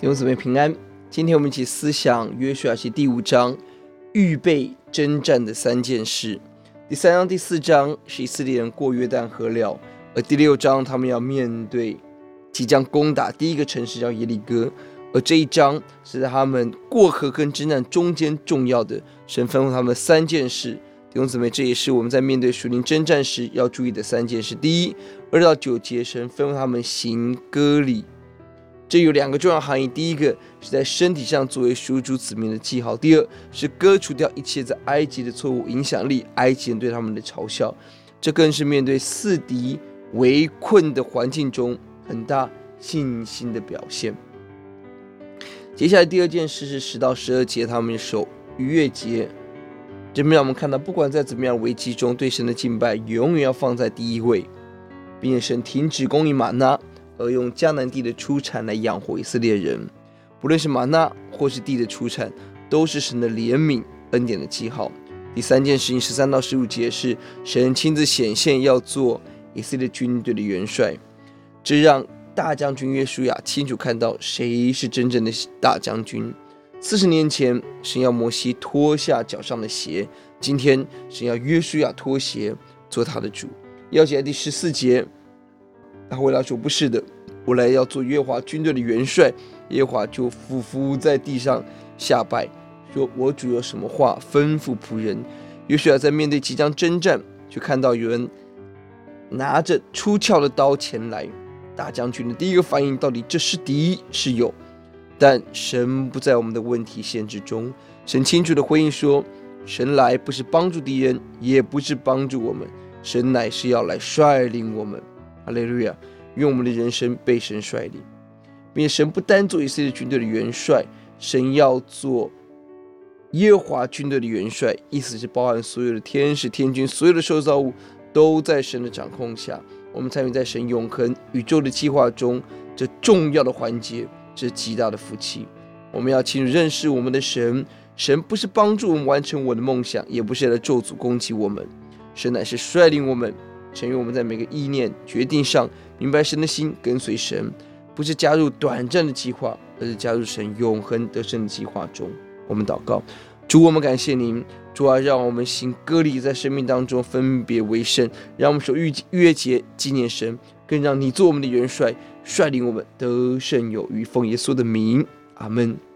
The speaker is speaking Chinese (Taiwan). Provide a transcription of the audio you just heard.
弟兄姊妹平安，今天我們一起思想約書亞記第五章，預備征戰的三件事。第三章、第四章是以色列人過約旦河了，而第六章他們要面對即將攻打第一個城市叫耶利哥，而這一章是在他們過河跟征戰中間重要的，神吩咐他們三件事。弟兄姊妹，這也是我們在面對屬靈征戰時要注意的三件事。第一，二到九節，神吩咐他們行割禮。這有兩個重要含義：第一個是在身體上作為屬主子民的記號；第二是割除掉一切在埃及的錯誤影響力、埃及人對他們的嘲笑。這更是面對四敵圍困的環境中很大信心的表現。接下來第二件事是十到十二節，他們守逾越節。這面讓我們看到，不管在怎麼樣危機中，對神的敬拜永遠要放在第一位，並且神停止供應嗎哪。而用迦南地的出產來養活以色列人，不論是嗎哪或是地的出產，都是神的憐憫恩典的記號。第三件事情，十三到十五節是神親自顯現要做以色列軍隊的元帥，這讓大將軍約書亞清楚看到誰是真正的大將軍。四十年前，神要摩西脫下腳上的鞋，今天神要約書亞脫鞋做他的主。鑰節在第十四節。他回答說，不是的，我來要做耶和華軍隊的元帥。耶華就俯伏在地上下拜，說，我主有什麼話吩咐僕人？約書亞在面對即將征戰，就看到有人拿着出鞘的刀前來，大將軍的第一個反應，到底這是敵是友？但神不在我們的問題限制中，神清楚的回應說，神來不是幫助敵人，也不是幫助我們，神乃是要來率領我們。阿雷瑞亞，願我們的人生被神率領，並且神不單做以色列軍隊的元帥，神要做耶和華軍隊的元帥，意思是包含所有的天使、天軍、所有的受造物都在神的掌控下。我們參與在神永恆宇宙的計劃中，這重要的環節，這極大的福氣。我們要清楚認識我們的神，神不是幫助我們完成我的夢想，也不是來咒詛攻擊我們，神乃是率領我們。成為我們在每個意念決定上明白神的心，跟隨神，不是加入短暫的計劃，而是加入神永恆得勝的計劃中。我們禱告，主，我們感謝您，主啊，讓我們行割禮，在生命當中分別為聖，讓我們守逾逾越節紀念神，更讓你做我們的元帥，率領我們得勝有餘。奉耶穌的名，阿門。